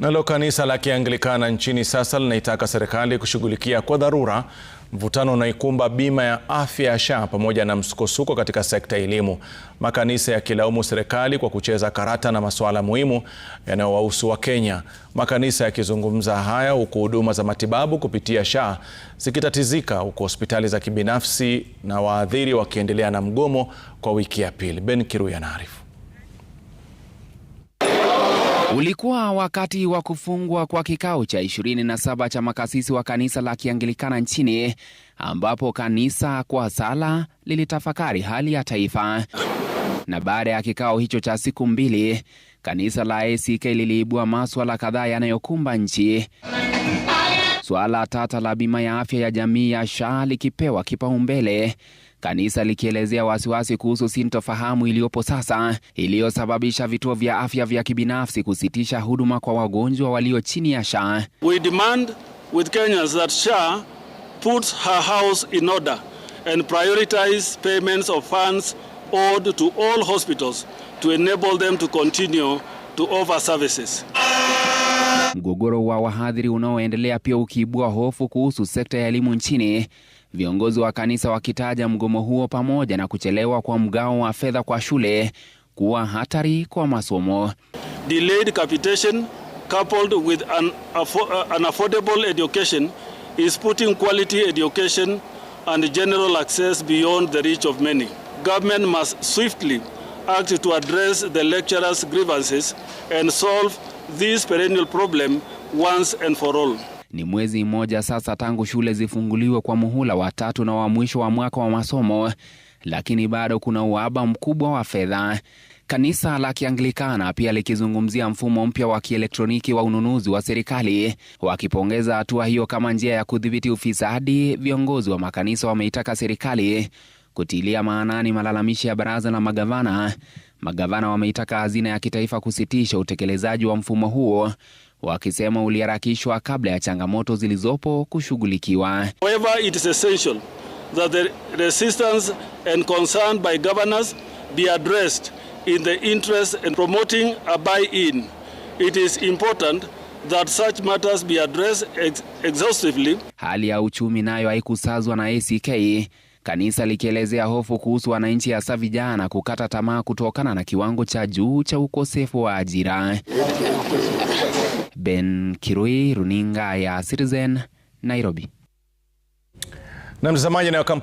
Nalo kanisa la Kianglikana nchini sasa linaitaka serikali kushughulikia kwa dharura mvutano unaikumba bima ya afya ya SHA pamoja na msukosuko katika sekta ya elimu. Makanisa yakilaumu serikali kwa kucheza karata na masuala muhimu yanayowahusu Wakenya. Makanisa yakizungumza haya huku huduma za matibabu kupitia SHA zikitatizika, huku hospitali za kibinafsi na waadhiri wakiendelea na mgomo kwa wiki ya pili. Ben Kiruya anaarifu. Ulikuwa wakati wa kufungwa kwa kikao cha 27 cha makasisi wa kanisa la Kianglikana nchini ambapo kanisa kwa sala lilitafakari hali ya taifa. Na baada ya kikao hicho cha siku mbili, kanisa la ACK liliibua maswala kadhaa yanayokumba nchi. Suala tata la bima ya afya ya jamii ya SHA likipewa kipaumbele, kanisa likielezea wasiwasi kuhusu sintofahamu iliyopo sasa iliyosababisha vituo vya afya vya kibinafsi kusitisha huduma kwa wagonjwa walio chini ya SHA. We demand with Kenyans that SHA puts her house in order and prioritize payments of funds owed to all hospitals to enable them to continue to offer services. Mgogoro wa wahadhiri unaoendelea pia ukiibua hofu kuhusu sekta ya elimu nchini, viongozi wa kanisa wakitaja mgomo huo pamoja na kuchelewa kwa mgao wa fedha kwa shule kuwa hatari kwa masomo. Delayed capitation coupled with an, affo uh, an affordable education is putting quality education and general access beyond the reach of many. Government must swiftly act to address the lecturers' grievances and solve this perennial problem once and for all. Ni mwezi mmoja sasa tangu shule zifunguliwe kwa muhula wa tatu na wa mwisho wa mwaka wa masomo, lakini bado kuna uhaba mkubwa wa fedha. Kanisa la Kianglikana pia likizungumzia mfumo mpya wa kielektroniki wa ununuzi wa serikali, wakipongeza hatua hiyo kama njia ya kudhibiti ufisadi. Viongozi wa makanisa wameitaka serikali kutilia maanani malalamishi ya baraza la magavana Magavana wameitaka hazina ya kitaifa kusitisha utekelezaji wa mfumo huo, wakisema uliharakishwa kabla ya changamoto zilizopo kushughulikiwa. However, it is essential that the resistance and concern by governors be addressed in the interest in promoting a buy-in. It is important that such matters be addressed ex exhaustively. Hali ya uchumi nayo haikusazwa na ACK kanisa likielezea hofu kuhusu wananchi hasa vijana kukata tamaa kutokana na kiwango cha juu cha ukosefu wa ajira. Ben Kirui, runinga ya Citizen, Nairobi. Na mtazamaji na